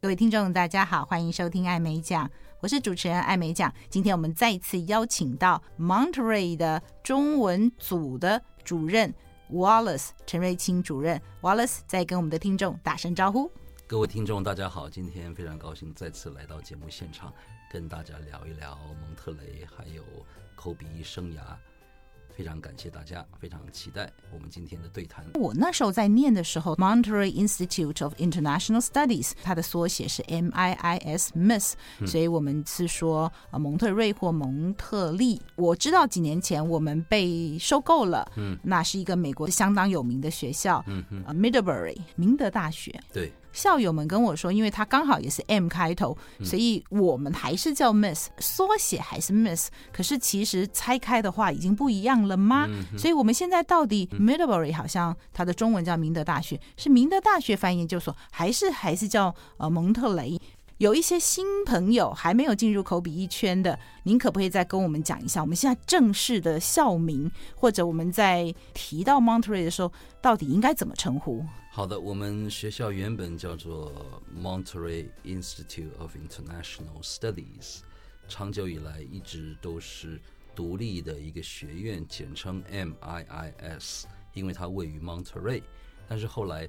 各位聽眾，大家好，歡迎收聽《艾美講》，我是主持人艾美講。今天我們再次邀請到 Monterey 的中文組的主任 Wallace 陳瑞清主任 Wallace 再跟我們的聽眾打聲招呼。各位聽眾，大家好！今天非常高興再次來到節目現場，跟大家聊一聊蒙特雷還有口筆譯生涯。非常感謝大家，非常期待我們今天的對談。我那時候在念的時候 Monterey Institute of International Studies，它的縮寫是 M I I S Miss，嗯、所以我們是說蒙特瑞或蒙特利。我知道幾年前我們被收購了，嗯，那是一個美國相當有名的學校，嗯嗯哼，Middlebury 明德大學，對。校友們跟我說，因為他剛好也是 M 開頭，所以我們還是叫 MIIS，縮寫還是 MIIS。可是其實拆開的話已經不一樣了嗎？所以我們現在到底 Middlebury 好像它的中文叫明德大學，是明德大學翻譯研究所，還是還是叫呃蒙特雷？有一些新朋友還沒有進入口筆譯圈的，您可不可以再跟我們講一下，我們現在正式的校名，或者我們在提到 Monterey 的時候，到底應該怎麼稱呼？好的，我們學校原本叫做 Monterey Institute of International Studies，長久以來一直都是獨立的一個學院，簡稱 MIIS，因為它位於 Monterey，但是後來，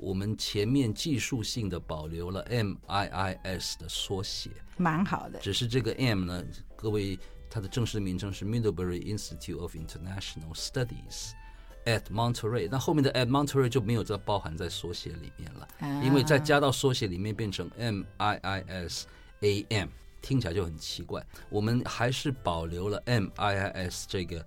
我們前面技術性的保留了 M I I S 的縮寫，蠻好的。只是這個 M 呢，各位，它的正式名稱是 Middlebury Institute of International Studies at Monterey，那後面的 at Monterey 就沒有再包含在縮寫裡面了，因為再加到縮寫裡面變成 M I I S A M，聽起來就很奇怪。我們還是保留了 M I I S 這個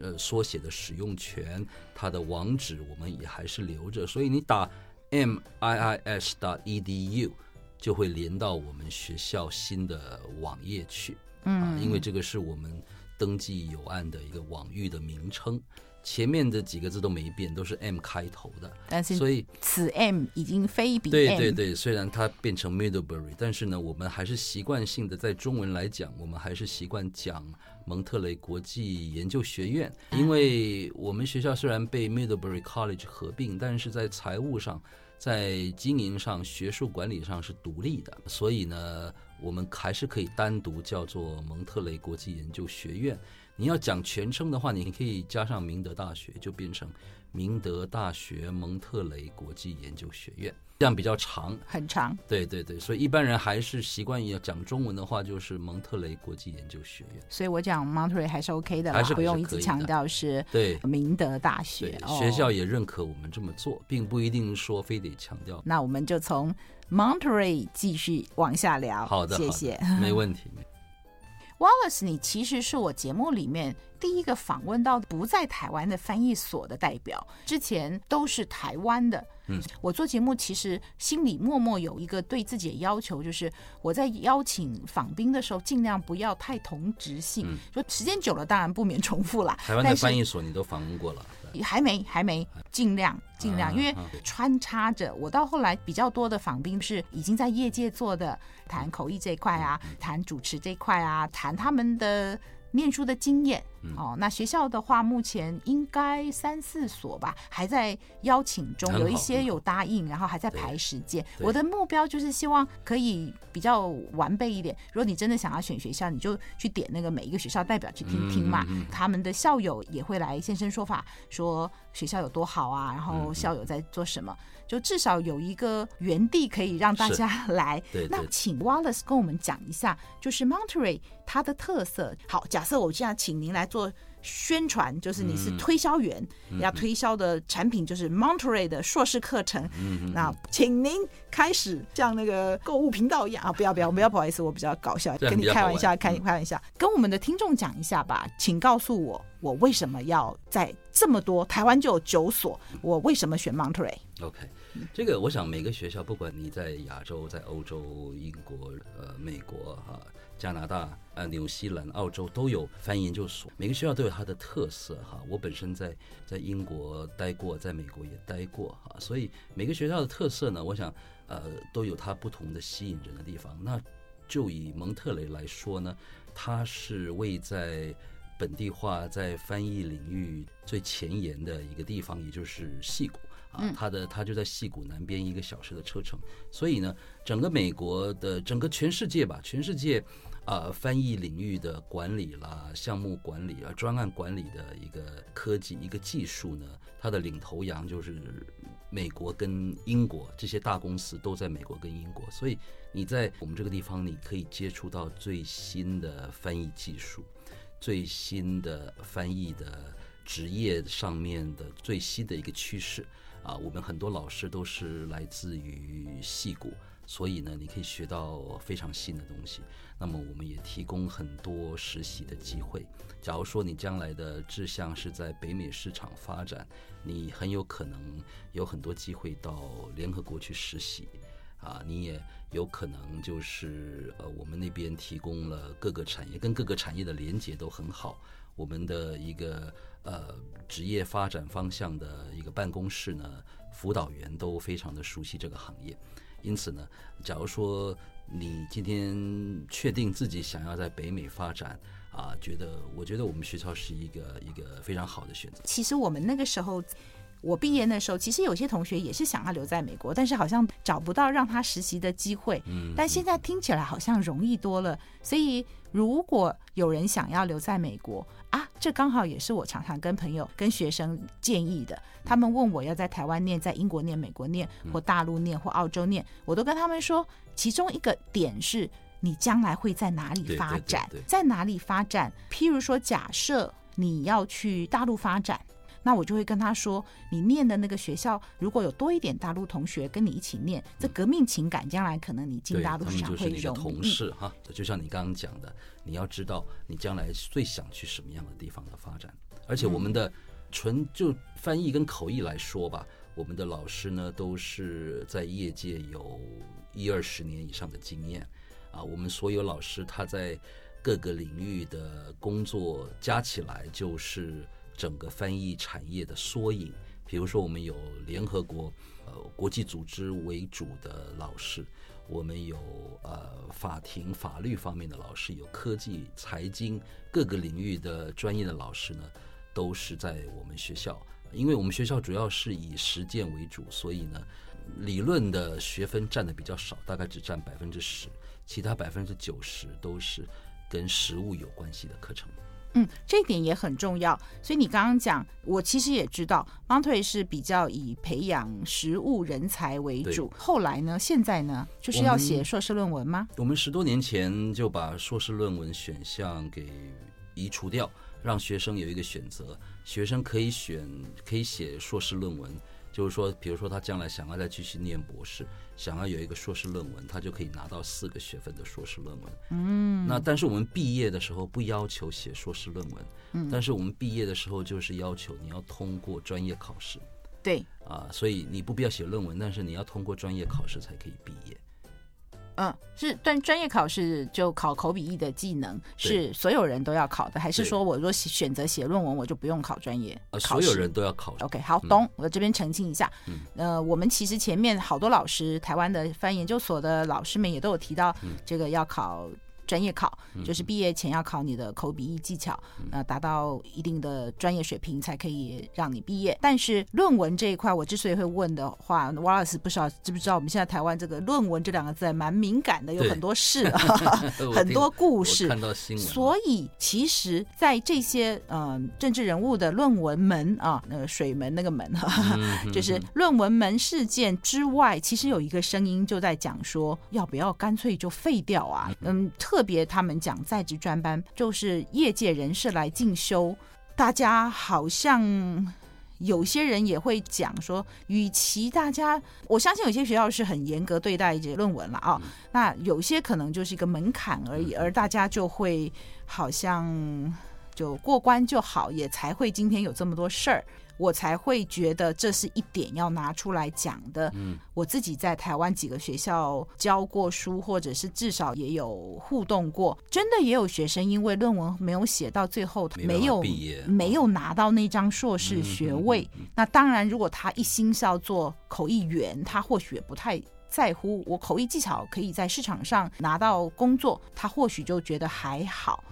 呃縮寫的使用權，它的網址我們也還是留着，所以你打 m i i s. e d u 就會連到我們學校新的網頁去，嗯、啊，因為這個是我們登記有案的一個網域的名稱，前面的幾個字都沒變，都是 m 開頭的，但是所以此 m 已經非彼 m。對對對，雖然它變成 Middlebury，但是呢，我們還是習慣性的在中文來講，我們還是習慣講。蒙特雷國際研究學院，因為我們學校雖然被 Middlebury College 合併，但是在財務上、在經營上、學術管理上是獨立的，所以呢，我們還是可以單獨叫做蒙特雷國際研究學院。你要講全稱的話，你可以加上明德大學，就變成明德大學蒙特雷國際研究學院。這樣比較長，很長。對對對，所以一般人還是習慣於要講中文的話，就是蒙特雷國際研究學院。所以我講 Monterey 還是 OK 的，不用一直強調是。對，明德大學。哦、學校也認可我們這麼做，並不一定說非得強調。那我們就從 Monterey 繼續往下聊。好的，謝謝。沒問題。沒問題。Wallace，你其實是我節目裡面第一個訪問到不在台灣的翻譯所的代表，之前都是台灣的。嗯，我做節目其實心裡默默有一個對自己的要求，就是我在邀請訪賓的時候，盡量不要太同質性。嗯、說時間久了，當然不免重複了。台灣的翻譯所但是，你都訪問過了。還沒，還沒，盡量，盡量，因為穿插着，我到後來比較多的訪賓是已經在業界做的，談口譯這一塊啊，談主持這一塊啊，談他們的。念書的經驗、嗯、哦，那學校的話目前應該三四所吧，還在邀請中，很好有一些有答應，然後還在排時間。很好我的目標就是希望可以比較完備一點。對，對。如果你真的想要選學校，你就去點那個每一個學校代表去聽聽嘛，嗯、他們的校友也會來現身說法，說學校有多好啊，然後校友在做什麼。嗯嗯就至少有一個原地，可以讓大家來。對對，那請 Wallace 跟我們講一下，就是 Monterey 它的特色。好，假設我這樣請您來做。宣傳就是你是推銷員，嗯嗯、要推銷的產品就是 Monterey 的碩士課程。嗯、哼那，請您開始像那個購物頻道一樣啊！不要不要不要，不要不好意思，我比較搞笑， 跟你開玩笑，開、嗯、開玩笑。跟我們的聽眾講一下吧，嗯、請告訴我，我為什麼要在這麼多台灣就有九所，我為什麼選 Monterey？OK，、okay, 這個我想每個學校，不管你在亞洲、在歐洲、英國、呃、美國，哈。加拿大、啊，紐西蘭、澳洲都有翻譯研究所，每個學校都有它的特色哈。我本身在在英國待過，在美國也待過哈，所以每個學校的特色呢，我想，呃，都有它不同的吸引人的地方。那，就以蒙特雷來說呢，它是位在本地化在翻譯領域最前沿的一個地方，也就是矽谷。哦、它的它就在矽谷南邊一個小時的車程，所以呢，整個美國的整個全世界吧，全世界啊、呃，翻譯領域的管理啦、項目管理啊、專案管理的一個科技、一個技術呢，它的領頭羊就是美國跟英國，這些大公司都在美國跟英國，所以你在我們這個地方，你可以接觸到最新的翻譯技術、最新的翻譯的職業上面的最新的一個趨勢。啊，我們很多老師都是來自於矽谷，所以呢，你可以學到非常新的東西。那麼，我們也提供很多實習的機會。假如說你將來的志向是在北美市場發展，你很有可能有很多機會到聯合國去實習。啊，你也有可能就是呃，我們那邊提供了各個產業，跟各個產業的連接都很好。我們的一個呃職業發展方向的一個辦公室呢，輔導員都非常的熟悉這個行業，因此呢，假如說你今天確定自己想要在北美發展啊，覺得我覺得我們學校是一個一個非常好的選擇。其實我們那個時候，我畢業的時候，其實有些同學也是想要留在美國，但是好像找不到讓他實習的機會。嗯，嗯，但現在聽起來好像容易多了，所以。如果有人想要留在美國啊，這剛好也是我常常跟朋友、跟學生建議的。他們問我要在台灣念、在英國念、美國念或大陸念或澳洲念，我都跟他們說，其中一個點是你將來會在哪裡發展，在哪裡發展。譬如說，假設你要去大陸發展。那我就會跟他說，你念的那個學校如果有多一點大陸同學跟你一起念，這革命情感將來可能你進大陸就是你的同事哈、嗯啊，就像你剛剛講的，你要知道你將來最想去什麼樣的地方的發展。而且我們的純就翻譯跟口譯來說吧，嗯、我們的老師呢都是在業界有一二十年以上的經驗啊。我們所有老師他在各個領域的工作加起來就是。整個翻譯產業的縮影，比如說我們有聯合國、呃國際組織為主的老師，我們有呃法庭法律方面的老師，有科技、財經各個領域的專業的老師呢，都是在我們學校。因為我們學校主要是以實踐為主，所以呢，理論的學分佔的比較少，大概只佔百分之十，其他百分之九十都是跟實務有關係的課程。嗯，這一點也很重要。所以你剛剛講，我其實也知道 Monterey 是比較以培養實務人才為主。對後來呢，現在呢，就是要寫碩士論文嗎？我我們十多年前就把碩士論文選項給移除掉，讓學生有一個選擇，學生可以選，可以寫碩士論文。就是說，比如說他將來想要再繼續念博士，想要有一個碩士論文，他就可以拿到四個學分的碩士論文。嗯，那但是我們畢業的時候不要求寫碩士論文，嗯，但是我們畢業的時候就是要求你要通過專業考試。對，啊，所以你不必要寫論文，但是你要通過專業考試才可以畢業。嗯，是，但專業考試就考口筆譯的技能對是所有人都要考的，還是說我若選擇寫論文，我就不用考專業考試、啊、所有人都要考。OK，好懂。嗯、我這邊澄清一下，嗯、呃，我們其實前面好多老師，台灣的翻譯研究所的老師們也都有提到，這個要考。專業考就是畢業前要考你的口筆譯技巧，嗯、呃，達到一定的專業水平才可以讓你畢業。但是論文這一塊，我之所以會問的話，Wallace 老師，不知道知不知道，我們現在台灣這個“論文”這兩個字還蠻敏感的，有對很多事。 聽很多故事。新聞。所以其實，在這些嗯、呃，政治人物的論文門啊，那個水門那個門，嗯嗯，就是論文門事件之外，其實有一個聲音就在講說，要不要乾脆就廢掉啊？嗯。嗯，特特別他們講在職專班，就是業界人士來進修，大家好像有些人也會講說，與其大家，我相信有些學校是很嚴格對待這論文了啊、哦，嗯，那有些可能就是一個門檻而已，嗯，而大家就會好像就過關就好，也才會今天有這麼多事兒。我才會覺得這是一點要拿出來講的。我自己在台灣幾個學校教過書，或者是至少也有互動過，真的也有學生因為論文沒有寫到最後，沒有畢業，沒有拿到那張碩士學位。那當然，如果他一心是要做口譯員，他或許也不太在乎我口譯技巧可以在市場上拿到工作，他或許就覺得還好。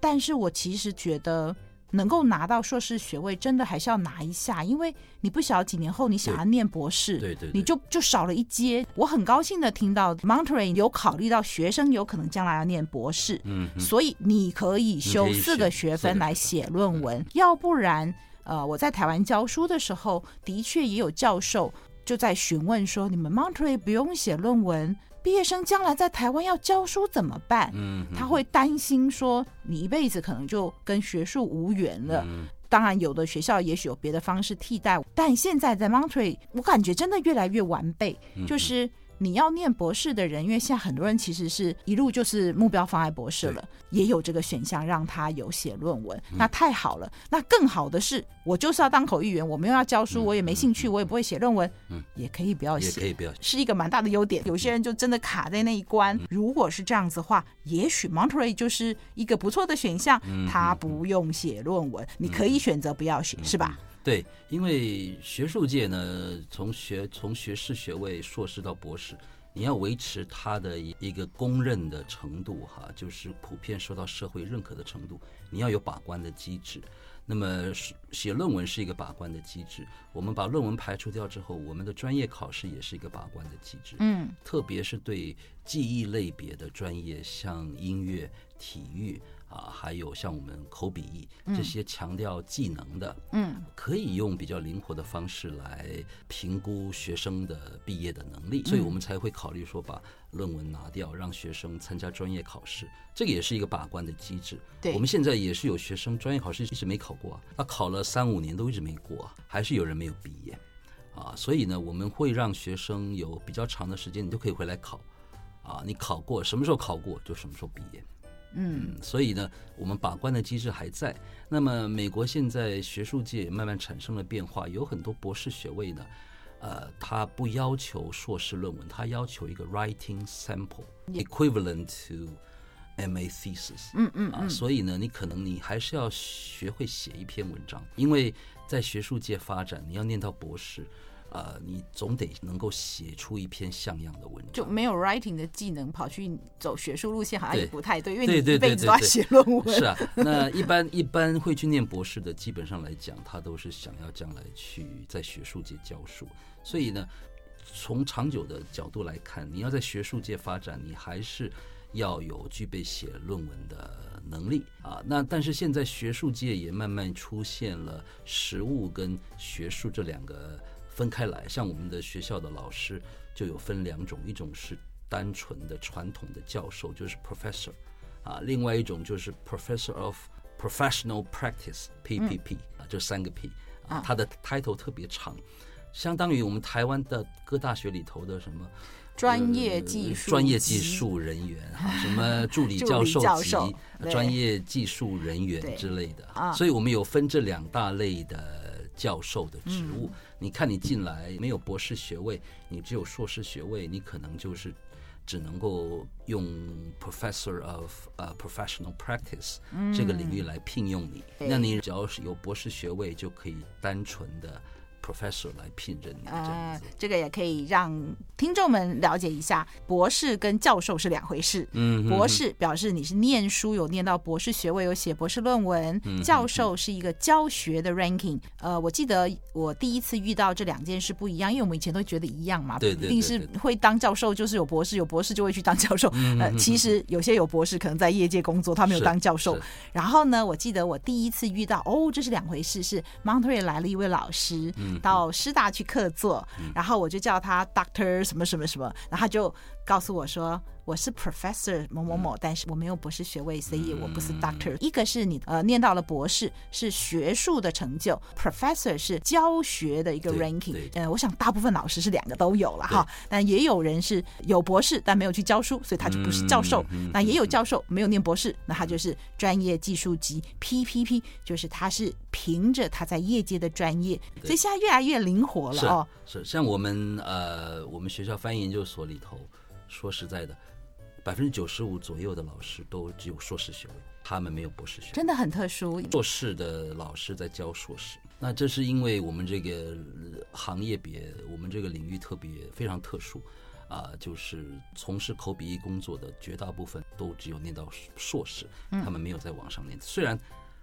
但是我其實覺得。能夠拿到碩士學位，真的還是要拿一下，因為你不曉得幾年後你想要念博士，對對、對對，你就就少了一階。我很高興的聽到 Monterey 有考慮到學生有可能將來要念博士，嗯、哼所以你可以修四個學分來寫論文。要不然，呃，我在台灣教書的時候，的確也有教授就在詢問說，你們 Monterey 不用寫論文？畢業生將來在台灣要教書怎麼辦？嗯，他會擔心說你一輩子可能就跟學術無緣了。當然，有的學校也許有別的方式替代，但現在在 Monterey，我感覺真的越來越完備，就是。你要念博士的人，因為現在很多人其實是一路就是目標放在博士了，也有這個選項讓他有寫論文，那太好了。那更好的是，我就是要當口譯員，我沒有要教書，我也沒興趣，我也不會寫論文，嗯，也可以不要寫，是一個蠻大的優點。有些人就真的卡在那一關，如果是這樣子的話，也許 Monterey 就是一個不錯的選項，他不用寫論文，你可以選擇不要寫，是吧？對，因為學術界呢，從學從學士學位、碩士到博士，你要維持它的一一個公認的程度啊，哈，就是普遍受到社會認可的程度，你要有把關的機制。那麼寫論文是一個把關的機制，我們把論文排除掉之後，我們的專業考試也是一個把關的機制。嗯，特別是對技藝類別的專業，像音樂、體育。啊，還有像我們口筆譯、嗯、這些強調技能的，嗯，可以用比較靈活的方式來評估學生的畢業的能力，嗯、所以我們才會考慮說把論文拿掉，讓學生參加專業考試，這個也是一個把關的機制。對。我們現在也是有學生專業考試一直沒考過，他、啊、考了三五年都一直沒過，還是有人沒有畢業啊，所以呢，我們會讓學生有比較長的時間，你都可以回來考，啊，你考過什麼時候考過就什麼時候畢業。嗯，所以呢，我們把關的機制還在。那麼，美國現在學術界慢慢產生了變化，有很多博士學位呢，呃，他不要求碩士論文，他要求一個 writing sample Yeah. equivalent to M.A. thesis 嗯。嗯嗯啊，所以呢，你可能你還是要學會寫一篇文章，因為在學術界發展，你要念到博士。呃，你總得能夠寫出一篇像樣的文章，就沒有 writing 的技能跑去走學術路線好像也不太對，對，因為你一輩子都要寫論文，對對對對對。是啊，那一般 一般會去念博士的，基本上來講，他都是想要將來去在學術界教書，所以呢，從長久的角度來看，你要在學術界發展，你還是要有具備寫論文的能力啊。那但是現在學術界也慢慢出現了實務跟學術這兩個。分開來，像我們的學校的老師就有分兩種，一種是單純的傳統的教授，就是 professor，啊，另外一種就是 professor of professional practice PPP，啊，就三個 P，啊，他的 title 特別長，相當於我們台灣的各大學裡頭的什麼、呃、專業技術、專業技術人員，什麼助理教授級、專業技術人員之類的啊，所以我們有分這兩大類的。教授的職務，你看你進來沒有博士學位，你只有碩士學位，你可能就是只能夠用 professor of 啊 professional practice 這個領域來聘用你。那你只要是有博士學位，就可以單純的。Professor 來聘任的，呃，這，這個也可以讓聽眾們了解一下，博士跟教授是兩回事。嗯哼，博士表示你是念書有念到博士學位，有寫博士論文。教授是一個教學的 ranking。嗯、哼哼呃，我記得我第一次遇到這兩件事不一樣，因為我們以前都覺得一樣嘛，對，對，對，對，一定是會當教授就是有博士，有博士就會去當教授。嗯、哼哼呃，其實有些有博士可能在業界工作，他沒有當教授。然後呢，我記得我第一次遇到，哦，這是兩回事，是 Monterey 來了一位老師。嗯到師大去客座，嗯、然後我就叫他 Doctor 什麼什麼什麼，然後他就告訴我說我是 professor 某某某，但是我沒有博士學位，所以我不是 doctor。一個是你呃念到了博士，是學術的成就；professor 是教學的一個 ranking。呃，我想大部分老師是兩個都有了哈，但也有人是有博士但沒有去教書，所以他就不是教授。那也有教授沒有念博士，那他就是專業技術級 PPP，就是他是憑着他在業界的專業，所以現在越來越靈活了哦。是像我們呃，我們學校翻譯研究所裡頭。說實在的，百分之九十五左右的老師都只有碩士學位，他們沒有博士學位，真的很特殊。碩士的老師在教碩士，那這是因為我們這個行業別，我們這個領域特別非常特殊，啊，就是從事口筆譯工作的絕大部分都只有念到碩士，他們沒有再往上唸。嗯、雖然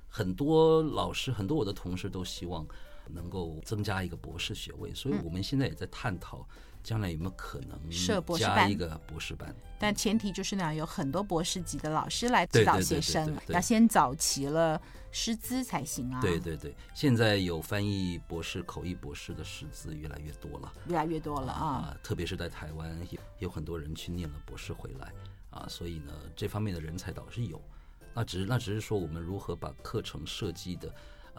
很多老師，很多我的同事都希望能夠增加一個博士學位，所以我們現在也在探討、嗯。將來有沒有可能設博士加一個博士班、啊？士班，但前提就是呢，有很多博士級的老師來指導學生，要先找齊了師資才行啊。對對對，現在有翻譯博士、口譯博士的師資越來越多了，越來越多了啊，啊！特別是在台灣有，有有很多人去念了博士回來啊，所以呢，這方面的人才倒是有。那只那只是說，我們如何把課程設計的。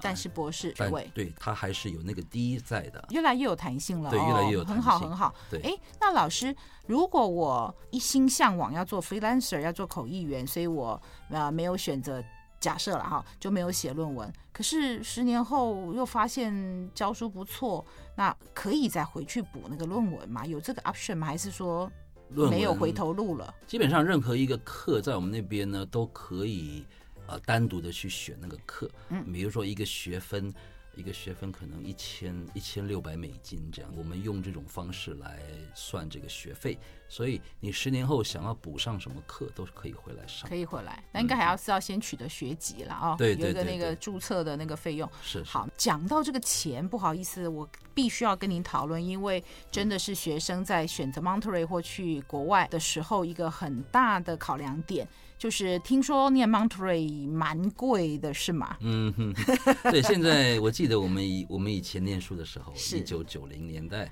但是博士位，對他還是有那個低在的，越來越有彈性了，對，哦、越來越有彈性，很好很好。哎對，那老師，如果我一心向往要做 freelancer，要做口譯員，所以我呃沒有選擇假設了哈，就沒有寫論文。可是十年後又發現教書不錯，那可以再回去補那個論文嗎？有這個 option 嗎？還是說沒有回頭路了？基本上任何一個課在我們那邊呢都可以。呃，單獨的去選那個課，嗯，比如說一個學分，嗯、一個學分可能一千一千六百美金這樣，我們用這種方式來算這個學費。所以你十年後想要補上什麼課，都是可以回來上，可以回來。那、嗯、應該還要是要先取得學籍了啊。哦。對、對、對、對、對，有一個那個注冊的那個費用是。好，講到這個錢，不好意思，我必須要跟您討論，因為真的是學生在選擇 Monterey 或去國外的時候，一個很大的考量點。就是聽說念 Monterey 蠻貴的，是嗎？嗯，對，現在我記得我們以我們以前念書的時候，一九九零年代。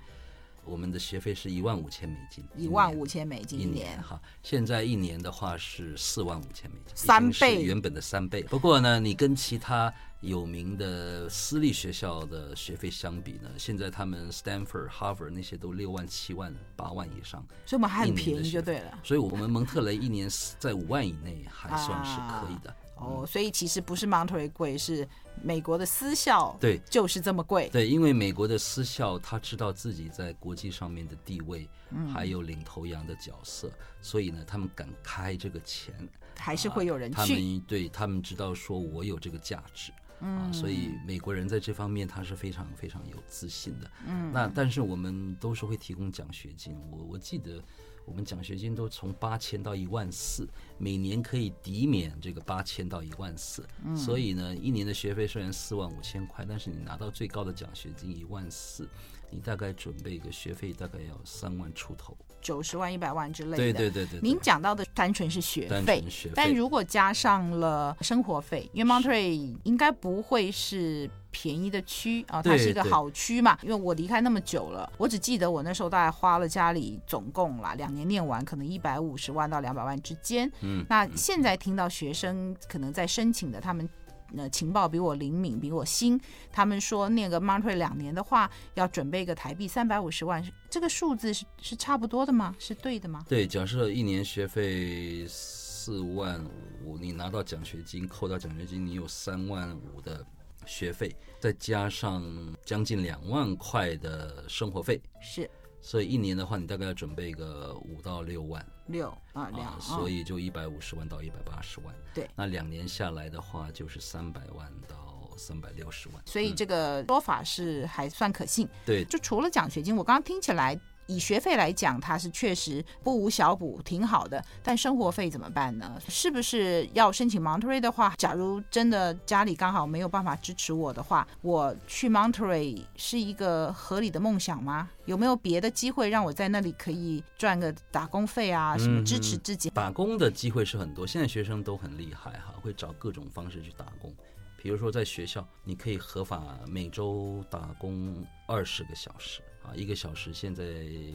我們的學費是一萬五千美金，一萬五千美金一年。好，現在一年的話是四萬五千美金，三倍，是原本的三倍。不過呢，你跟其他有名的私立學校的學費相比呢，現在他們 Stanford、Harvard 那些都六萬、七萬、八萬以上，所以我們還很便宜就對了。所以，我們蒙特雷一年在五萬以內還算是可以的。啊哦，oh, 所以其實不是 Monterey 貴，是美國的私校，對，就是這麼貴，對。對，因為美國的私校，他知道自己在國際上面的地位，還有領頭羊的角色，嗯、所以呢，他們敢開這個錢，還是會有人去。啊、他們對他們知道說，我有這個價值，嗯、啊，所以美國人在這方面他是非常非常有自信的。嗯，那但是我們都是會提供獎學金，我我記得。我們獎學金都從八千到一萬四，每年可以抵免這個八千到一萬四，所以呢，一年的學費雖然四萬五千塊，但是你拿到最高的獎學金一萬四，你大概準備一個學費大概要三萬出頭。九十萬、一百萬之類的，對，對對對對，您講到的單純是學費，學費但如果加上了生活費，因為 Monterey 應該不會是便宜的區啊，對對它是一個好區嘛。因為我離開那麼久了，我只記得我那時候大概花了家裡總共啦，兩年念完，可能一百五十萬到兩百萬之間。嗯，那現在聽到學生可能在申請的，他們，那情報比我靈敏，比我新。他們說那個 Master 兩年的話，要準備一個台幣三百五十萬，這個數字是是差不多的嗎？是對的嗎？對，假設一年學費四萬五，你拿到獎學金，扣到獎學金，你有三萬五的學費，再加上將近兩萬塊的生活費，是。所以一年的話，你大概要準備個五到六萬、啊、六萬，六啊，兩，啊、所以就一百五十萬到一百八十萬。對，那兩年下來的話，就是三百萬到三百六十萬。嗯、所以這個說法是還算可信。對，就除了獎學金，我剛剛聽起來。以學費來講，它是確實不無小補，挺好的。但生活費怎麼辦呢？是不是要申請 Monterey 的話，假如真的家裡剛好沒有辦法支持我的話，我去 Monterey 是一個合理的夢想嗎？有沒有別的機會讓我在那裡可以賺個打工費啊？什麼支持自己？嗯，打工的機會是很多，現在學生都很厲害哈，會找各種方式去打工。比如說在學校，你可以合法每周打工二十個小時。啊，一個小時現在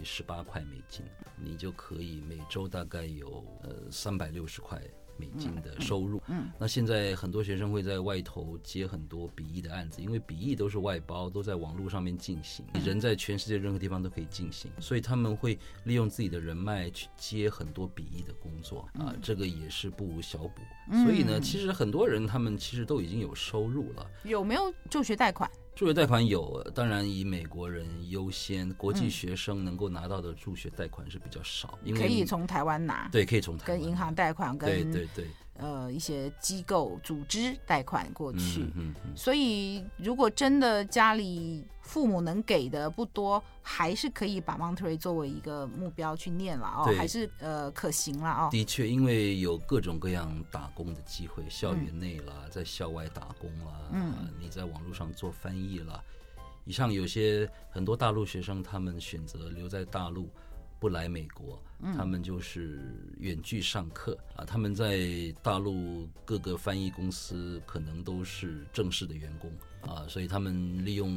十八塊美金，你就可以每周大概有呃三百六十塊美金的收入。嗯，嗯那現在很多學生會在外頭接很多筆譯的案子，因為筆譯都是外包，都在網絡上面進行，你人在全世界任何地方都可以進行，所以他們會利用自己的人脈去接很多筆譯的工作。啊，這個也是不無小補。嗯，所以呢，其實很多人他們其實都已經有收入了。有沒有助學貸款？助學貸款有，當然以美國人優先，國際學生能夠拿到的助學貸款是比較少，嗯，因為你可以從台灣拿，對，可以從台灣跟銀行貸款跟，跟對對對。呃，一些機構、組織貸款過去，嗯嗯嗯、所以如果真的家裡父母能給的不多，還是可以把 Monterey 作為一個目標去念了哦？對還是呃可行了哦。的確，因為有各種各樣打工的機會，校園內啦，嗯、在校外打工啦，嗯啊、你在網絡上做翻譯啦，以上有些很多大陸學生他們選擇留在大陸。不來美國，他們就是遠距上課，嗯。啊，他們在大陸各個翻譯公司可能都是正式的員工啊，所以他們利用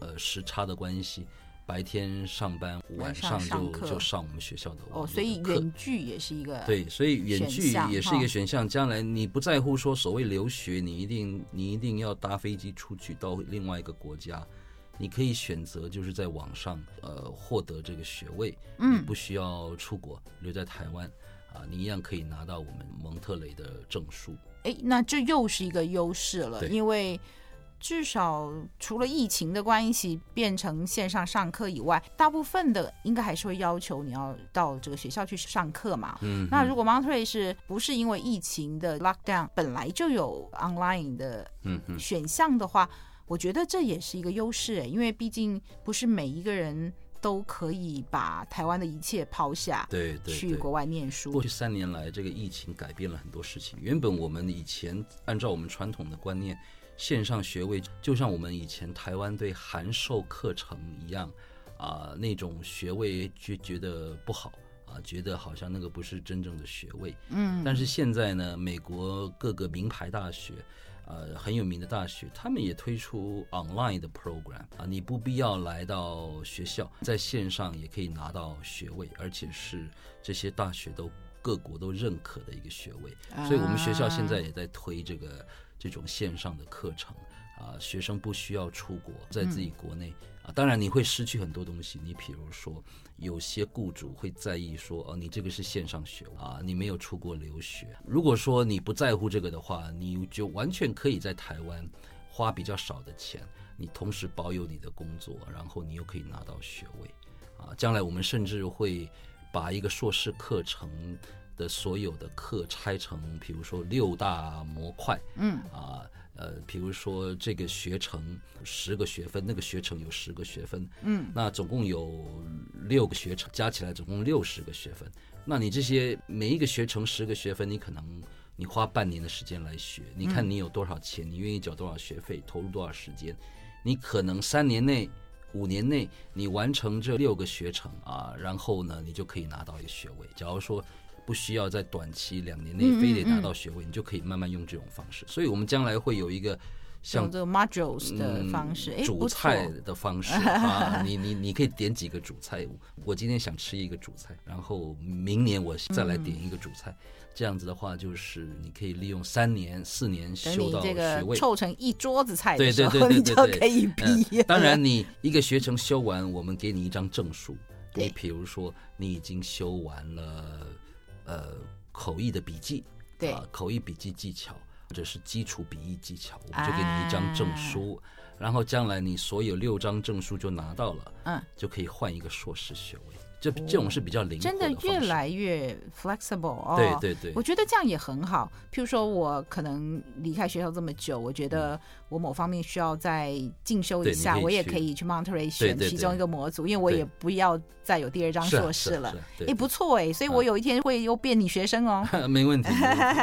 呃時差的關係，白天上班，晚上就上課。就上我們學校的，的哦，所以遠距也是一個。對，所以遠距也是一個選項。哦。將來你不在乎說所謂留學，你一定你一定要搭飛機出去到另外一個國家。你可以選擇就是在網上，呃，獲得這個學位，嗯，不需要出國，留在台灣，啊，你一樣可以拿到我們蒙特雷的證書。誒、欸，那這又是一個優勢了，對因為至少除了疫情的關係變成線上上課以外，大部分的應該還是會要求你要到這個學校去上課嘛。嗯哼，那如果蒙特雷是不是因為疫情的 lockdown 本來就有 online 的選項的話？嗯哼嗯我覺得這也是一個優勢，哎，因為畢竟不是每一個人都可以把台灣的一切拋下，對、對、對，去國外念書。過去三年來，這個疫情改變了很多事情。原本我們以前按照我們傳統的觀念，線上學位就像我們以前台灣對函授課程一樣，啊，呃，那種學位就覺得不好，啊，覺得好像那個不是真正的學位。嗯。但是現在呢，美國各個名牌大學。呃，很有名的大學，他們也推出 online 的 program 啊，你不必要來到學校，在線上也可以拿到學位，而且是這些大學都各國都認可的一個學位。所以，我們學校現在也在推這個這種線上的課程，啊，學生不需要出國，在自己國內啊，當然你會失去很多東西，你比如說。有些雇主會在意說，哦，你這個是線上學啊，你沒有出國留學。如果說你不在乎這個的話，你就完全可以在台灣花比較少的錢，你同時保有你的工作，然後你又可以拿到學位，啊，將來我們甚至會把一個碩士課程的所有的課拆成，比如說六大模塊，嗯，啊。呃，比如說這個學程十個學分，那個學程有十個學分，嗯，那總共有六個學程，加起來總共六十個學分。那你這些每一個學程十個學分，你可能你花半年的時間來學，你看你有多少錢，嗯、你願意繳多少學費，投入多少時間，你可能三年內、五年內你完成這六個學程啊，然後呢，你就可以拿到一個學位。假如說。不需要在短期兩年內非得拿到學位，你就可以慢慢用這種方式。所以我們將來會有一個像 modules 的方式，主菜的方式啊，你你你可以點幾個主菜。我今天想吃一個主菜，然後明年我再來點一個主菜。這樣子的話，就是你可以利用三年、四年修到學位，湊成一桌子菜，對對對對對，你就可以畢業。當然，你一個學程修完，我們給你一張證書。你比如說，你已經修完了。呃，口譯的筆記，對、呃，口譯筆記技巧，或、就、者是基礎筆譯技巧，我就給你一張證書，啊、然後將來你所有六張證書就拿到了，嗯，就可以換一個碩士學位。這、哦、這種是比較靈活的，真的越來越 flexible、哦。對對對，我覺得這樣也很好。譬如說，我可能離開學校這麼久，我覺得、嗯。我某方面需要再進修一下，我也可以去 Monterey 選其中一個模組，對對對，因為我也不要再有第二張碩士了。哎，不錯哎，啊、所以我有一天會又變你學生哦，沒問， 沒問題，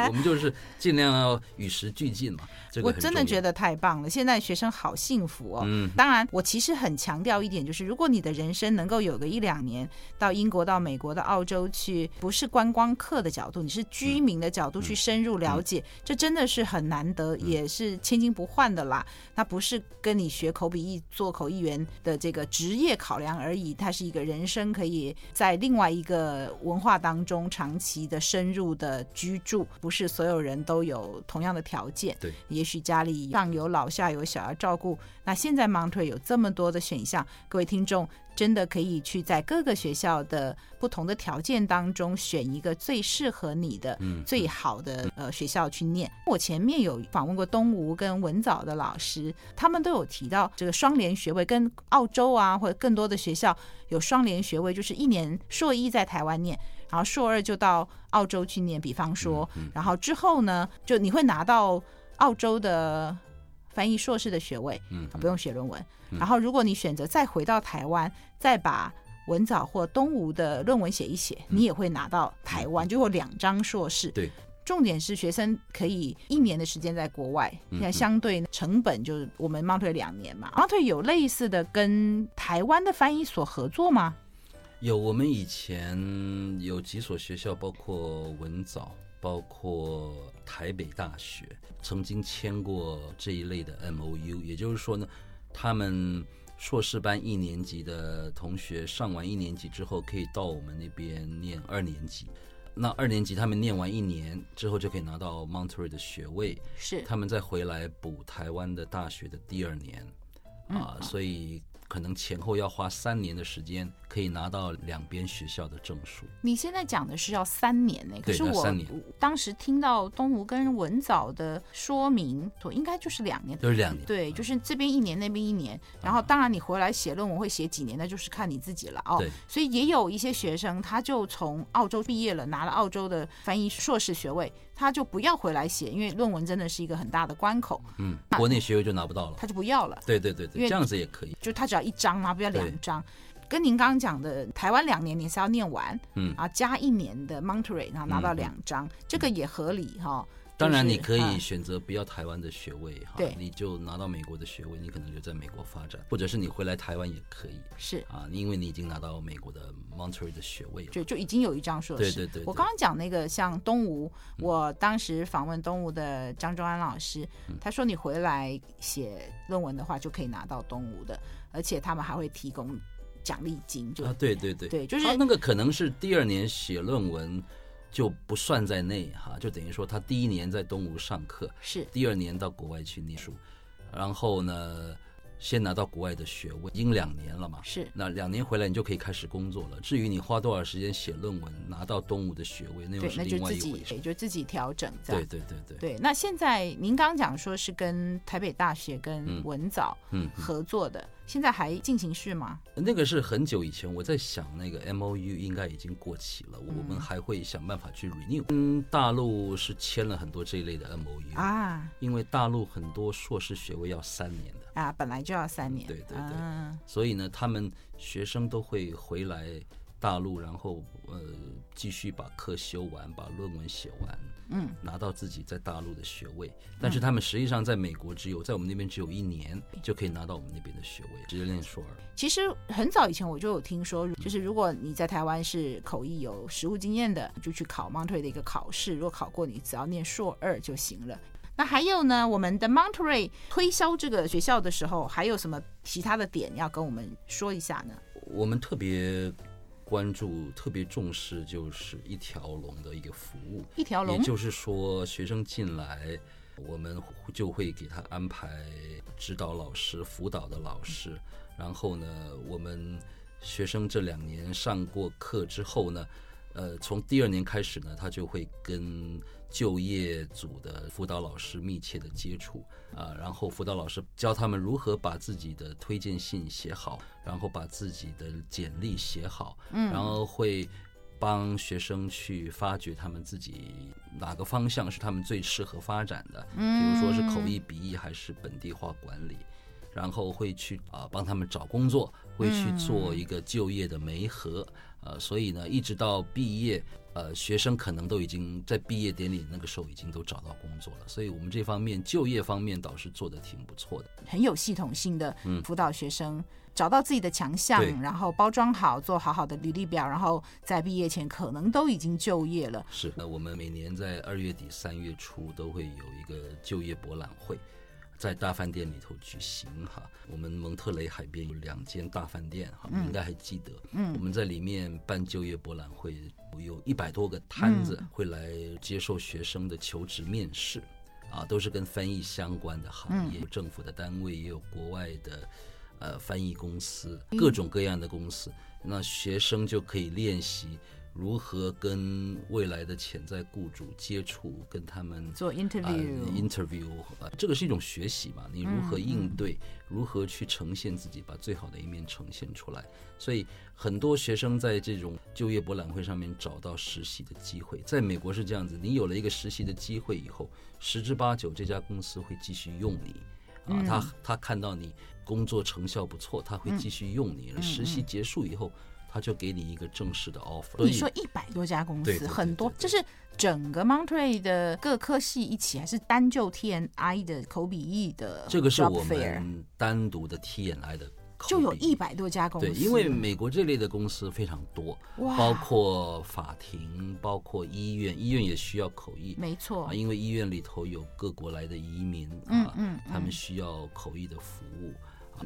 我們就是盡量要與時俱進嘛。這個、我真的覺得太棒了，現在學生好幸福哦。嗯，當然，我其實很強調一點，就是如果你的人生能夠有個一兩年到英國、到美國、到澳洲去，不是觀光客的角度，你是居民的角度去深入了解，嗯嗯、這真的是很難得，嗯、也是千金不換的。的啦，那不是跟你學口筆譯做口譯員的這個職業考量而已，它是一個人生可以在另外一個文化當中長期的深入的居住，不是所有人都有同樣的條件。對，也許家裡上有老下有小要照顧。那現在蒙特瑞有這麼多的選項，各位聽眾，真的可以去在各個學校的不同的條件當中選一個最適合你的、最好的呃學校去念。我前面有訪問過東吳跟文藻的老師，他們都有提到這個雙聯學位跟澳洲啊或者更多的學校有雙聯學位，就是一年碩一在台灣念，然後碩二就到澳洲去念。比方說，然後之後呢，就你會拿到澳洲的。翻譯碩士的學位，嗯，不用寫論文。嗯、哼然後，如果你選擇再回到台灣，嗯、哼再把文藻或東吳的論文寫一寫，嗯、哼你也會拿到台灣，就有、嗯、哼兩張碩士。對，重點是學生可以一年的時間在國外，那、嗯、哼相對成本就是我們蒙特瑞兩年嘛。蒙特瑞有類似的跟台灣的翻譯所合作嗎？有，我們以前有幾所學校，包括文藻，包括台北大學。曾經簽過這一類的 MOU，也就是說呢，他們碩士班一年級的同學上完一年級之後，可以到我們那邊念二年級。那二年級他們念完一年之後，就可以拿到 Monterey 的學位。是，他們再回來補台灣的大學的第二年。啊，所以可能前後要花三年的時間，可以拿到兩邊學校的證書。你現在講的是要三年呢？欸？可是我當時聽到東吳跟文藻的說明，對，應該就是兩年，就是兩年。對，就是這邊一年，那邊一年。然後當然你回來寫論文會寫幾年，那就是看你自己了哦。對所以也有一些學生，他就從澳洲畢業了，拿了澳洲的翻譯碩士學位。他就不要回來寫，因為論文真的是一個很大的關口。嗯，國內學位就拿不到了，他就不要了。對對對對，因為這樣子也可以。就他只要一張嘛，不要兩張。對對對，跟您剛剛講的，台灣兩年你是要念完，嗯，啊加一年的 Monterey 然後拿到兩張，嗯，這個也合理哈。嗯當然，你可以選擇不要台灣的學位，哈、就是，啊、你就拿到美國的學位，對你可能就在美國發展，或者是你回來台灣也可以。是啊，因為你已經拿到美國的 Monterey 的學位了，就就已經有一張碩士。對，對對對。我剛剛講那個像東吳，我當時訪問東吳的張忠安老師，嗯、他說你回來寫論文的話，就可以拿到東吳的，而且他們還會提供獎勵金。就啊，對對對，對就是他那個可能是第二年寫論文。嗯就不算在內哈，就等於說他第一年在東吳上課，是第二年到國外去念書，然後呢，先拿到國外的學位。嗯、已經兩年了嘛，是那兩年回來你就可以開始工作了。至於你花多少時間寫論文拿到東吳的學位，那又是另外一回事。那就自己，也就自己調整。對對對對，對，對，對，對。那現在您剛講說是跟台北大學跟文藻嗯合作的嗯嗯嗯現在還進行續嗎？那個是很久以前，我在想那個 MOU 應該已經過期了，我們還會想辦法去 renew。嗯，大陸是簽了很多這一類的 MOU 啊，因為大陸很多碩士學位要三年的啊，本來就要三年，對對對，啊、所以呢，他們學生都會回來大陸，然後呃繼續把課修完，把論文寫完。嗯，拿到自己在大陸的學位，但是他們實際上在美國只有，嗯，在我們那邊只有一年就可以拿到我們那邊的學位，直接念碩二。其實很早以前我就有聽說，就是如果你在台灣是口譯有實務經驗的，嗯，就去考 Monterey 的一個考試，如果考過你，你只要念碩二就行了。那還有呢？我們的 Monterey 推銷這個學校的時候，還有什麼其他的點要跟我們說一下呢？我們特別，嗯關注特別重視，就是一條龍的一個服務，一條龍，也就是說，學生進來，我們就會給他安排指導老師、輔導的老師，然後呢，我們學生這兩年上過課之後呢。呃，從第二年開始呢，他就會跟就業組的輔導老師密切的接觸啊，呃，然後輔導老師教他們如何把自己的推薦信寫好，然後把自己的簡歷寫好，嗯，然後會幫學生去發掘他們自己哪個方向是他們最適合發展的，比如說是口譯、筆譯還是本地化管理。然後會去啊幫他們找工作，會去做一個就業的媒合，嗯、呃，所以呢，一直到畢業，呃，學生可能都已經在畢業典禮那個時候已經都找到工作了。所以我們這方面就業方面倒是做得挺不錯的，很有系統性的輔導學生、嗯、找到自己的強項，對然後包裝好，做好好的履歷表，然後在畢業前可能都已經就業了。是，那我們每年在二月底三月初都會有一個就業博覽會。在大飯店裡頭舉行哈，我們蒙特雷海邊有兩間大飯店哈，你應該還記得，嗯，我們在裡面辦就業博覽會，有一百多個攤子會來接受學生的求職面試，啊，都是跟翻譯相關的行業，有政府的單位也有國外的，呃，翻譯公司各種各樣的公司，那學生就可以練習。如何跟未來的潛在雇主接觸，跟他們做 interview，interview、啊、這個是一種學習嘛？你如何應對，嗯、如何去呈現自己，把最好的一面呈現出來？所以很多學生在這種就業博覽會上面找到實習的機會。在美國是這樣子，你有了一個實習的機會以後，十之八九這家公司會繼續用你。啊，他他看到你工作成效不錯，他會繼續用你。嗯、而實習結束以後。嗯嗯嗯他就給你一個正式的 offer。你說一百多家公司？對對對對對，很多就是整個 Monterey 的各科系一起，還是單就 TNI 的口筆譯的？這個是我們單獨的 TNI 的。就有一百多家公司。對，因為美國這類的公司非常多，哇包括法庭，包括醫院，醫院也需要口譯。沒錯、啊，因為醫院裡頭有各國來的移民，啊、嗯，嗯嗯，他們需要口譯的服務。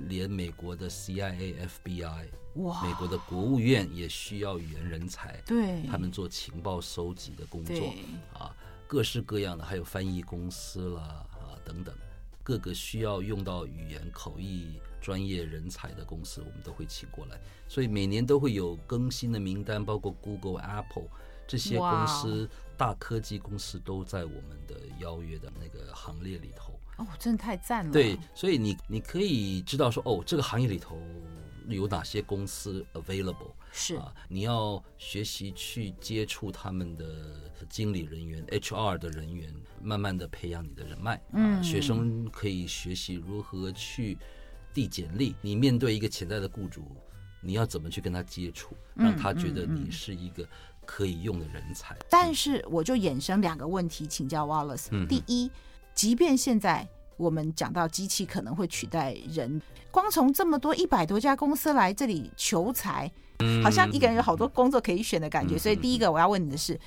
連美國的 CIA、FBI，wow, 美國的國務院也需要語言人才，對，他們做情報收集的工作對啊，各式各樣的還有翻譯公司啦啊等等，各個需要用到語言口譯專業人才的公司，我們都會請過來，所以每年都會有更新的名單，包括 Google、Apple 這些公司，Wow. 大科技公司都在我們的邀約的那個行列裡頭。哦，真的太讚了！對，所以你你可以知道說，哦，這個行業裡頭有哪些公司 available？是啊，你要學習去接觸他們的經理人員、HR 的人員，慢慢的培養你的人脈。啊、嗯，學生可以學習如何去遞簡歷。你面對一個潛在的雇主，你要怎麼去跟他接觸，讓他覺得你是一個可以用的人才。嗯、但是我就衍生兩個問題，請教 Wallace、嗯哼。第一。即便現在我們講到機器可能會取代人，光從這麼多一百多家公司來這裡求才，好像一個人有好多工作可以選的感覺。嗯、所以第一個我要問你的是，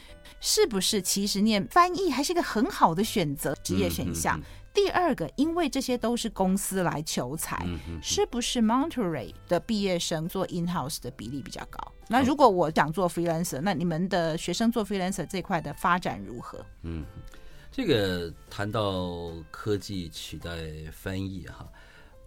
是不是其實念翻譯還是一個很好的選擇職業選項？嗯嗯嗯、第二個，因為這些都是公司來求才，是不是 Monterey 的畢業生做 In House 的比例比較高？嗯、那如果我想做 Freelancer，那你們的學生做 Freelancer 這塊的發展如何？嗯。這個談到科技取代翻譯哈，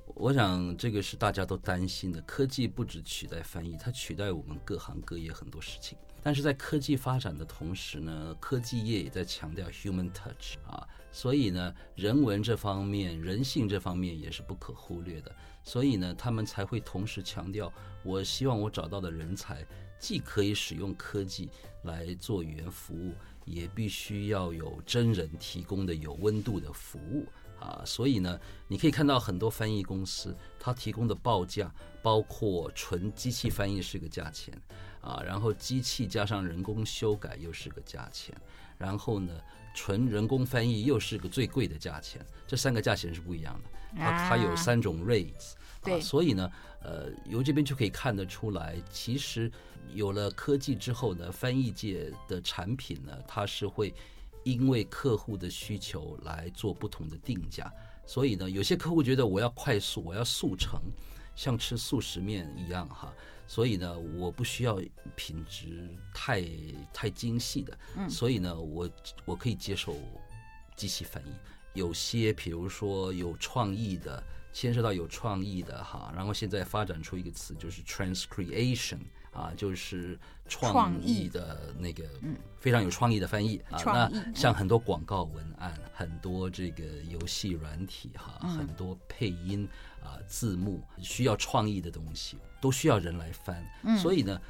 我想這個是大家都擔心的。科技不止取代翻譯，它取代我們各行各業很多事情。但是在科技發展的同時呢，科技業也在強調 human touch 啊，所以呢，人文這方面、人性這方面也是不可忽略的。所以呢，他們才會同時強調，我希望我找到的人才既可以使用科技來做語言服務。也必須要有真人提供的有溫度的服務啊，所以呢，你可以看到很多翻譯公司，它提供的報價包括純機器翻譯是個價錢啊，然後機器加上人工修改又是個價錢，然後呢，純人工翻譯又是個最貴的價錢，這三個價錢是不一樣的，它它有三種 rates。對。啊，所以呢，呃，由這邊就可以看得出來，其實有了科技之後呢，翻譯界的產品呢，它是會因為客戶的需求來做不同的定價。所以呢，有些客戶覺得我要快速，我要速成，像吃速食麵一樣哈。所以呢，我不需要品質太太精細的。嗯。所以呢，我我可以接受機器翻譯。有些比如說有創意的。牽涉到有創意的哈，然後現在發展出一個詞，就是 transcreation 啊，就是創意的那個非常有創意的翻譯啊。創意，那像很多廣告文案，很多這個遊戲軟體哈，嗯，很多配音。啊，字幕需要創意的東西都需要人來翻，嗯、所以呢，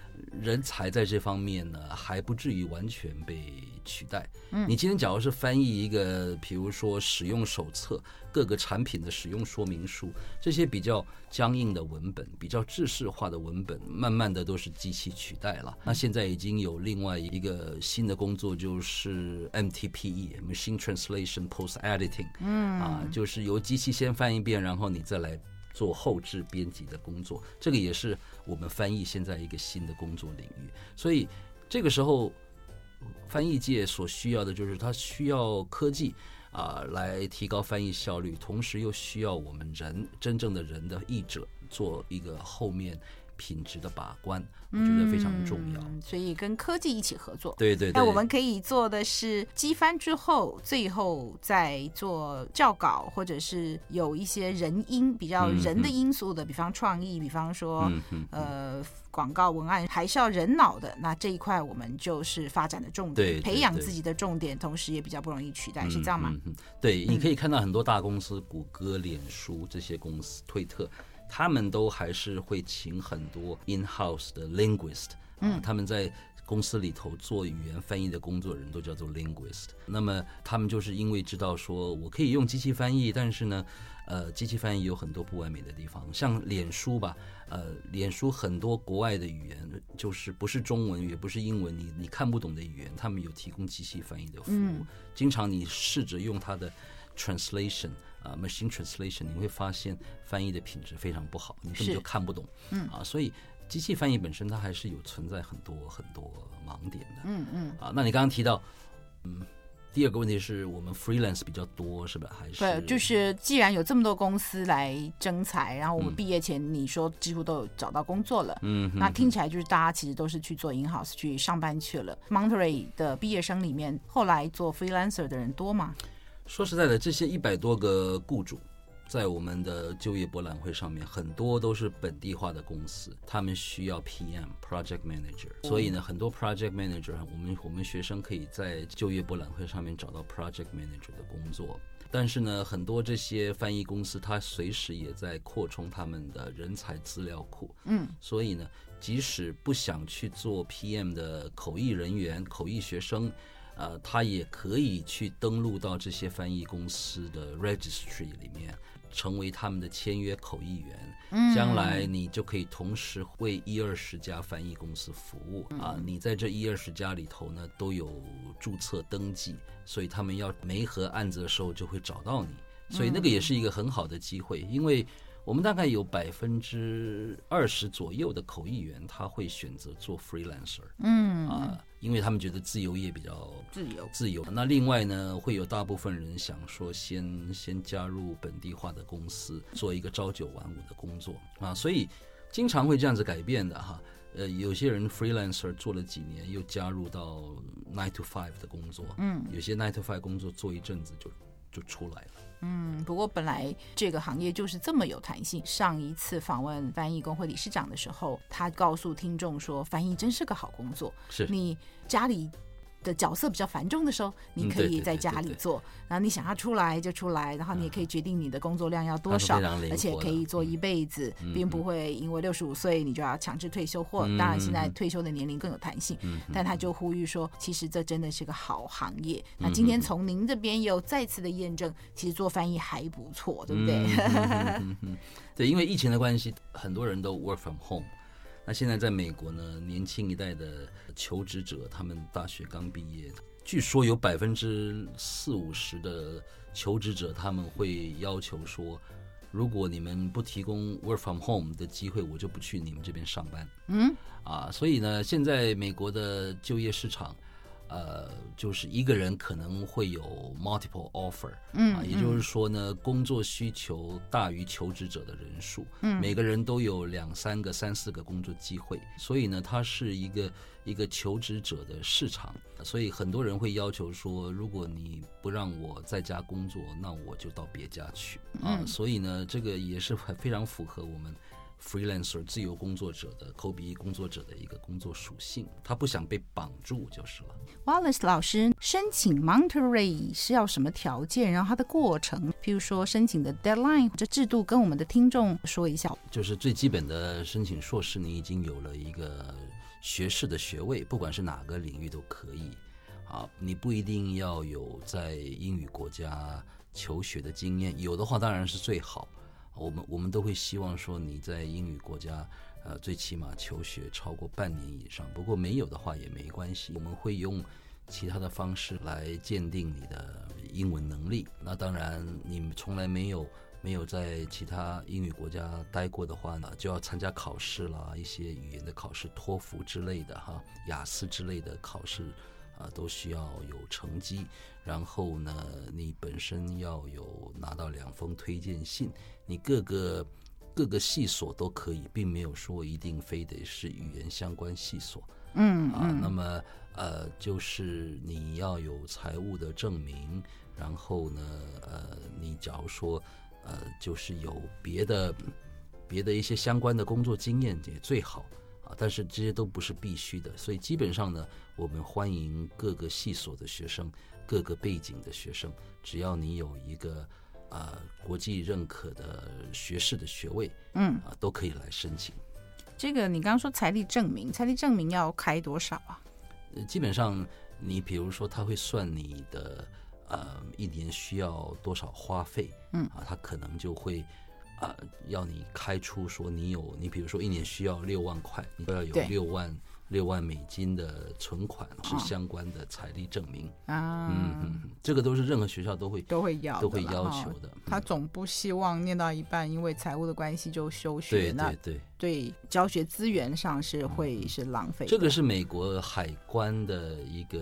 人才在這方面呢還不至於完全被取代。嗯，你今天假如是翻譯一個，比如說使用手冊、各個產品的使用說明書，這些比較僵硬的文本、比較制式化的文本，慢慢的都是機器取代了。嗯、那現在已經有另外一個新的工作，就是 MTPE（Machine Translation Post Editing）。Ed iting, 嗯，啊，就是由機器先翻一遍，然後你再來。做後置編輯的工作，這個也是我們翻譯現在一個新的工作領域。所以，這個時候，翻譯界所需要的就是它需要科技啊來提高翻譯效率，同時又需要我們人真正的人的譯者做一個後面。品質的把關，我覺得非常重要。嗯、所以跟科技一起合作，對對對。那我們可以做的是，機翻之後，最後再做校稿，或者是有一些人因比較人的因素的，嗯、哼比方創意，比方說，嗯、哼呃，廣告文案還是要人腦的。那這一塊我們就是發展的重點，對對對，培養自己的重點，同時也比較不容易取代，嗯、哼是這樣嗎？對，你可以看到很多大公司，谷歌、臉書這些公司，推特。他們都還是會請很多 in-house 的 linguist，嗯，他們在公司裡頭做語言翻譯的工作人都叫做 linguist。那麼他們就是因為知道說我可以用機器翻譯，但是呢，呃，機器翻譯有很多不完美的地方。像臉書吧，呃，臉書很多國外的語言就是不是中文也不是英文，你你看不懂的語言，他們有提供機器翻譯的服務。嗯，經常你試着用它的 translation。啊、uh,，machine translation，你會發現翻譯的品質非常不好，你根本就看不懂。嗯啊，所以機器翻譯本身它還是有存在很多很多盲點的。嗯嗯。嗯啊，那你剛剛提到，嗯，第二個問題是我們 freelance 比較多，是吧？還是？對，就是既然有這麼多公司來徵才，然後我們畢業前你說幾乎都有找到工作了，嗯，嗯嗯那聽起來就是大家其實都是去做 in house 去上班去了。Monterey 的畢業生裡面，後來做 freelancer 的人多嗎？說實在的，這些一百多個雇主，在我們的就業博覽會上面，很多都是本地化的公司，他們需要 PM（Project Manager）。嗯。所以呢，很多 Project Manager，我們我們學生可以在就業博覽會上面找到 Project Manager 的工作。但是呢，很多這些翻譯公司，它隨時也在擴充他們的人才資料庫。嗯，所以呢，即使不想去做 PM 的口譯人員、口譯學生。呃，他也可以去登錄到這些翻譯公司的 registry 裡面，成為他們的簽約口譯員。將來你就可以同時為一二十家翻譯公司服務。啊，你在這一二十家裡頭呢都有註冊登記，所以他們要媒合案子的時候就會找到你。所以那個也是一個很好的機會，因為。我們大概有百分之二十左右的口譯員，他會選擇做 freelancer，嗯，啊，因為他們覺得自由業比較自由，自由。那另外呢，會有大部分人想說先，先先加入本地化的公司，做一個朝九晚五的工作，啊，所以經常會這樣子改變的哈、啊。呃，有些人 freelancer 做了幾年，又加入到 nine to five 的工作，嗯，有些 nine to five 工作做一陣子就就出來了。嗯，不過本來這個行業就是這麼有彈性。上一次訪問翻譯工會理事長的時候，他告訴聽眾說，翻譯真是個好工作，是你家裡角色比較繁重的時候，你可以在家裡做，然後你想要出來就出來，然後你也可以決定你的工作量要多少，嗯、而且可以做一輩子，嗯、並不會因為六十五歲你就要強制退休或，或、嗯、當然現在退休的年齡更有彈性。嗯、但他就呼籲說，其實這真的是個好行業。嗯、那今天從您這邊又再次的驗證，其實做翻譯還不錯，對不對？嗯嗯嗯嗯嗯嗯嗯、對，因為疫情的關係，很多人都 work from home。那現在在美國呢，年輕一代的求職者，他們大學剛畢業，據說有百分之四五十的求職者，他們會要求說，如果你們不提供 work from home 的機會，我就不去你們這邊上班。嗯，啊，所以呢，現在美國的就業市場。呃，就是一個人可能會有 multiple offer，嗯，啊，也就是說呢，嗯，工作需求大於求職者的人數，嗯，每個人都有兩三個、三四個工作機會，所以呢，它是一個一個求職者的市場，啊，所以很多人會要求說，如果你不讓我在家工作，那我就到別家去啊，嗯，所以呢，這個也是非常符合我們。freelancer 自由工作者的 copy 工作者的一個工作屬性，他不想被綁住就是了。Wallace 老師，申請 Monterey 是要什麼條件？然後它的過程，譬如說申請的 deadline 或者制度，跟我們的聽眾說一下。就是最基本的申請碩士，你已經有了一個學士的學位，不管是哪個領域都可以。好，你不一定要有在英語國家求學的經驗，有的話當然是最好。我們我們都會希望說你在英語國家，呃，最起碼求學超過半年以上。不過沒有的話也沒關係，我們會用其他的方式來鑑定你的英文能力。那當然，你從來沒有沒有在其他英語國家待過的話呢，就要參加考試啦，一些語言的考試，托福之類的哈，雅思之類的考試，啊，都需要有成績。然後呢，你本身要有拿到兩封推薦信。你各個各個系所都可以，並沒有說一定非得是語言相關系所，嗯，嗯啊，那麼呃，就是你要有財務的證明，然後呢，呃，你假如說呃，就是有別的別的一些相關的工作經驗也最好啊，但是這些都不是必須的，所以基本上呢，我們歡迎各個系所的學生、各個背景的學生，只要你有一個。呃，國際認可的學士的學位，嗯，啊，都可以來申請。嗯、這個你剛剛說財力證明，財力證明要開多少啊？基本上你比如說他會算你的呃一年需要多少花費，嗯、呃，啊，他可能就會啊、呃、要你開出說你有，你比如說一年需要六萬塊，你都要有六萬。六萬美金的存款，是相關的財力證明、哦、啊，嗯嗯，這個都是任何學校都會都會要都會要求的。哦嗯、他總不希望念到一半，因為財務的關係就休學。對對對，對教學資源上是會是浪費的、嗯。這個是美國海關的一個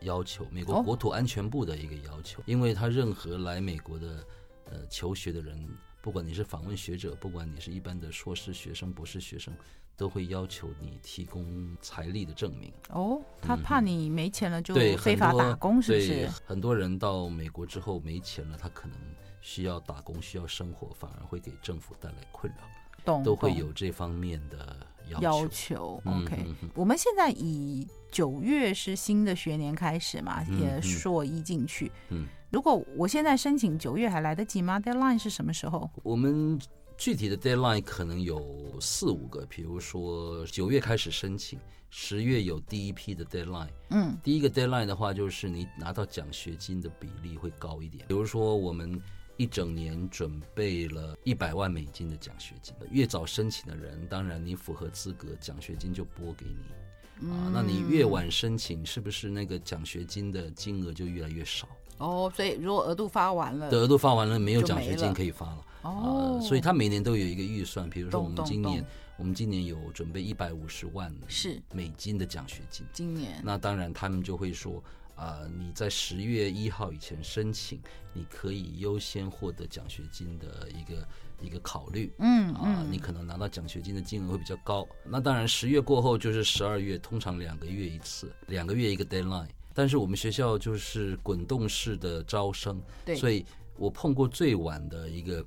要求，美國國土安全部的一個要求，哦、因為他任何來美國的呃求學的人，不管你是訪問學者，不管你是一般的碩士學生、博士學生。都會要求你提供財力的證明哦，他怕你沒錢了就非法打工，是不是？很多人到美國之後沒錢了，他可能需要打工，需要生活，反而會給政府帶來困擾，懂都會有這方面的要求。OK，我們現在以九月是新的學年開始嘛？嗯、也碩一進去，嗯，如果我現在申請九月還來得及嗎？Deadline 是什麼時候？我們。具體的 deadline 可能有四五個，比如說九月開始申請，十月有第一批的 deadline。嗯，第一個 deadline 的話，就是你拿到獎學金的比例會高一點。比如說我們一整年準備了一百萬美金的獎學金，越早申請的人，當然你符合資格，獎學金就撥給你。啊，那你越晚申請，是不是那個獎學金的金額就越來越少？哦，oh, 所以如果額度發完了，對，額度發完了，沒有獎學金可以發了。哦、oh, 呃，所以他每年都有一個預算，比如說我們今年，動動動我們今年有準備一百五十萬是美金的獎學金。今年，那當然他們就會說，啊、呃，你在十月一號以前申請，你可以優先獲得獎學金的一個一個考慮。呃、嗯啊、嗯呃，你可能拿到獎學金的金額會比較高。那當然十月過後就是十二月，通常兩個月一次，兩個月一個 deadline。但是我們學校就是滾動式的招生，對，所以我碰過最晚的一個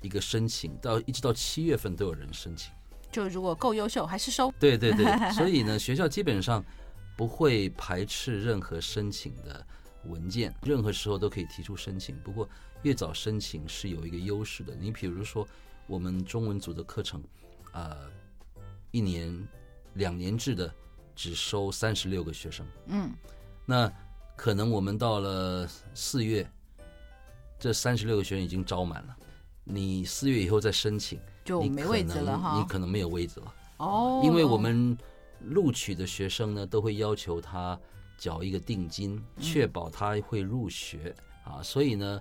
一個申請，到一直到七月份都有人申請。就如果夠優秀，還是收。 對對對，所以呢，學校基本上不會排斥任何申請的文件，任何時候都可以提出申請。不過越早申請是有一個優勢的。你比如說，我們中文組的課程，啊、呃，一年兩年制的，只收三十六個學生。嗯。那可能我們到了四月，這三十六個學生已經招滿了。你四月以後再申請，你可能就沒位置了哈，你可能沒有位子了哦。因為我們錄取的學生呢，都會要求他繳一個定金，確保他會入學、嗯、啊。所以呢，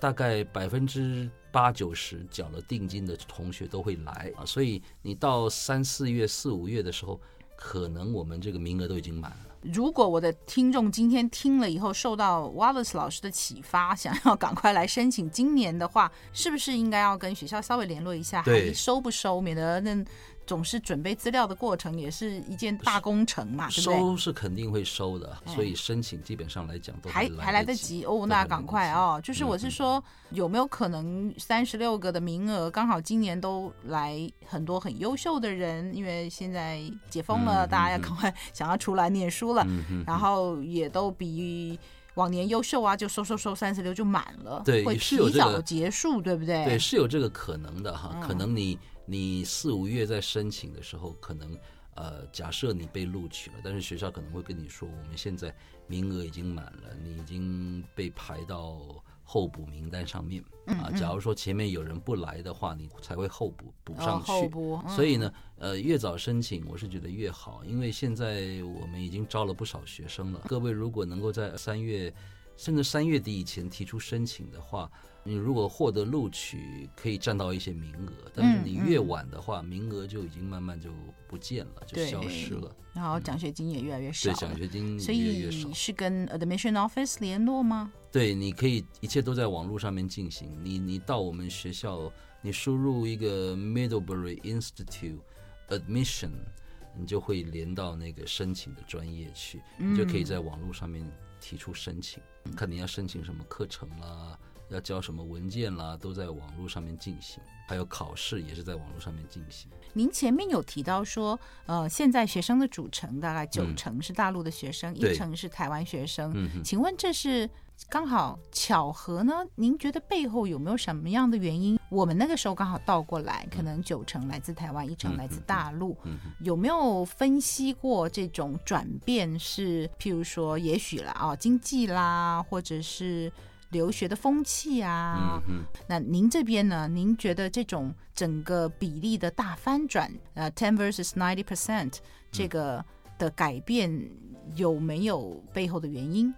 大概百分之八九十繳了定金的同學都會來啊。所以你到三四月、四五月的時候。可能我們這個名額都已經滿了。如果我的聽眾今天聽了以後受到 Wallace 老師的啟發，想要趕快來申請今年的話，是不是應該要跟學校稍微聯絡一下，對還收不收，免得那。總是準備資料的過程也是一件大工程嘛，收是肯定會收的，所以申請基本上來講都還還來得及哦，那趕快哦！就是我是說，有沒有可能三十六個的名額剛好今年都來很多很優秀的人？因為現在解封了，大家要趕快想要出來唸書了，然後也都比往年優秀啊，就收收收三十六就滿了，對，會提早結束，對不對？對，是有這個可能的哈，可能你。你四五月在申請的時候，可能，呃，假設你被錄取了，但是學校可能會跟你說，我們現在名額已經滿了，你已經被排到候補名單上面。啊，假如說前面有人不來的話，你才會候補補上去。所以呢，呃，越早申請我是覺得越好，因為現在我們已經招了不少學生了。各位如果能夠在三月。甚至三月底以前提出申請的話，你如果獲得錄取，可以佔到一些名額。但是你越晚的話，嗯、名額就已經慢慢就不見了，對就消失了。然後獎學金也越來越少、嗯。對，獎學金越來越少。所以是跟 admission office 聯絡嗎？對，你可以一切都在網絡上面進行。你你到我們學校，你輸入一個 Middlebury Institute Admission，你就會連到那個申請的專業去，你就可以在網絡上面。提出申請，看您要申請什麼課程啦，要交什麼文件啦，都在網絡上面進行，還有考試也是在網絡上面進行。您前面有提到說，呃，現在學生的組成大概九成是大陸的學生，嗯、一成是台灣學生，對請問這是？嗯剛好巧合呢？您覺得背後有沒有什麼樣的原因？我們那個時候剛好倒過來，可能九成來自台灣，一成來自大陸。嗯嗯嗯嗯、有沒有分析過這種轉變是，譬如說，也許啦，啊，經濟啦，或者是留學的風氣啊？嗯嗯、那您這邊呢？您覺得這種整個比例的大翻轉，呃，ten versus ninety percent 這個的改變，有沒有背後的原因？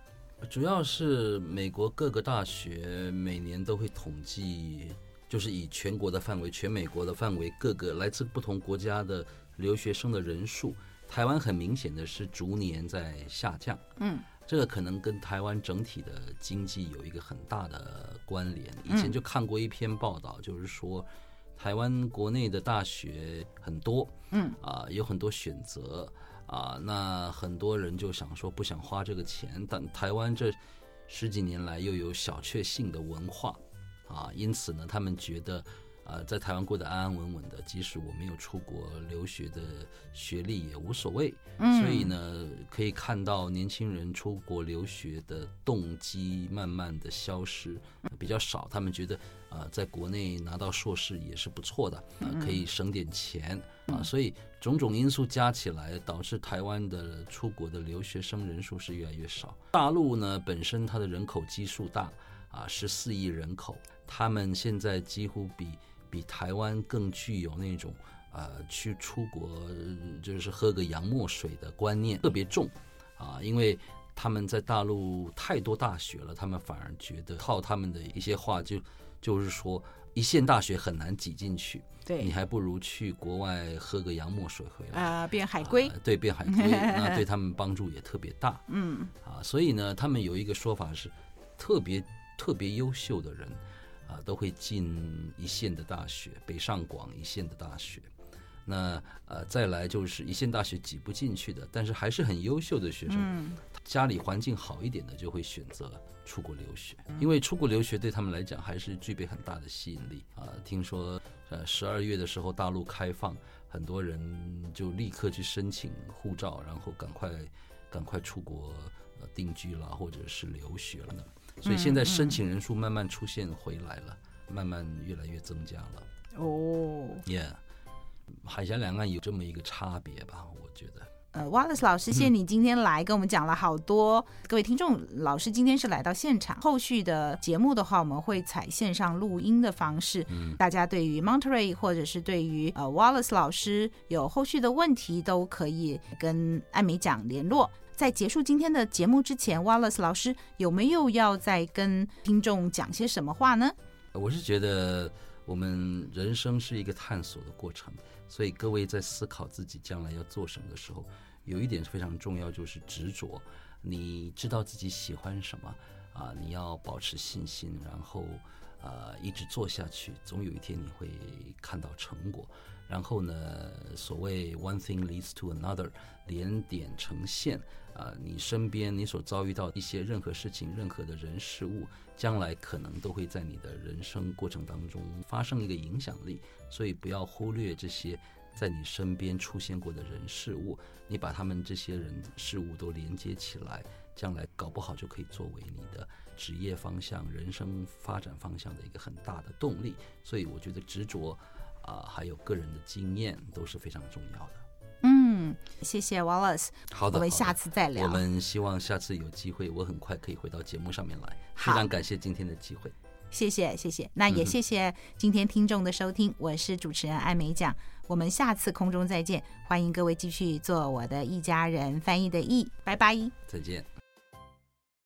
主要是美國各個大學每年都會統計，就是以全國的範圍、全美國的範圍，各個來自不同國家的留學生的人數。台灣很明顯的是逐年在下降，嗯，這個可能跟台灣整體的經濟有一個很大的關聯。以前就看過一篇報道，就是說台灣國內的大學很多，嗯，啊，有很多選擇。啊，那很多人就想說不想花這個錢，但台灣這十幾年來又有小確幸的文化，啊，因此呢，他們覺得。啊，在台灣過得安安穩穩的，即使我沒有出國留學的學歷也無所謂。所以呢，可以看到年輕人出國留學的動機慢慢的消失，比較少。他們覺得啊，在國內拿到碩士也是不錯的，啊，可以省點錢啊。所以種種因素加起來，導致臺灣的出國的留學生人數是越來越少。大陸呢，本身它的人口基數大，啊，十四億人口，他們現在幾乎比。比台灣更具有那種，呃，去出國就是喝個洋墨水的觀念特別重，啊，因為他們在大陸太多大學了，他們反而覺得靠他們的一些話就就是說一線大學很難擠進去，對，你還不如去國外喝個洋墨水回來啊、呃，變海歸、呃，對，變海歸， 那對他們幫助也特別大，嗯，啊，所以呢，他們有一個說法是特，特別特別優秀的人。啊，都會進一線的大學，北上廣一線的大學。那呃，再來就是一線大學擠不進去的，但是還是很優秀的學生。嗯，家裡環境好一點的就會選擇出國留學，因為出國留學對他們來講還是具備很大的吸引力啊，呃。聽說呃十二月的時候大陸開放，很多人就立刻去申請護照，然後趕快趕快出國定居了，或者是留學了呢。所以現在申請人數慢慢出現回來了，嗯嗯，慢慢越來越增加了。哦，Yeah，海峽兩岸有這麼一個差別吧？我覺得。呃，Wallace 老師，謝謝你今天來跟我們講了好多。嗯、各位聽眾，老師今天是來到現場。後續的節目的話，我們會採線上錄音的方式。嗯、大家對於 Monterey 或者是對於呃 Wallace 老師有後續的問題，都可以跟艾美講聯絡。在結束今天的節目之前，Wallace 老師有沒有要再跟聽眾講些什麼話呢？我是覺得我們人生是一個探索的過程，所以各位在思考自己將來要做什麼的時候，有一點非常重要，就是執着。你知道自己喜歡什麼啊？你要保持信心，然後呃、啊、一直做下去，總有一天你會看到成果。然後呢，所謂 one thing leads to another，連點成線。呃，你身邊你所遭遇到一些任何事情、任何的人事物，將來可能都會在你的人生過程當中發生一個影響力。所以不要忽略這些在你身邊出現過的人事物，你把他們這些人事物都連接起來，將來搞不好就可以作為你的職業方向、人生發展方向的一個很大的動力。所以我覺得執着，啊，還有個人的經驗都是非常重要的。嗯，謝謝 Wallace。好的，我們下次再聊。我們希望下次有機會，我很快可以回到節目上面來。好非常感謝今天的機會，謝謝謝謝。那也謝謝今天聽眾的收聽，嗯、我是主持人艾美講。我們下次空中再見，歡迎各位繼續做我的一家人翻譯的譯、e，拜拜，再見。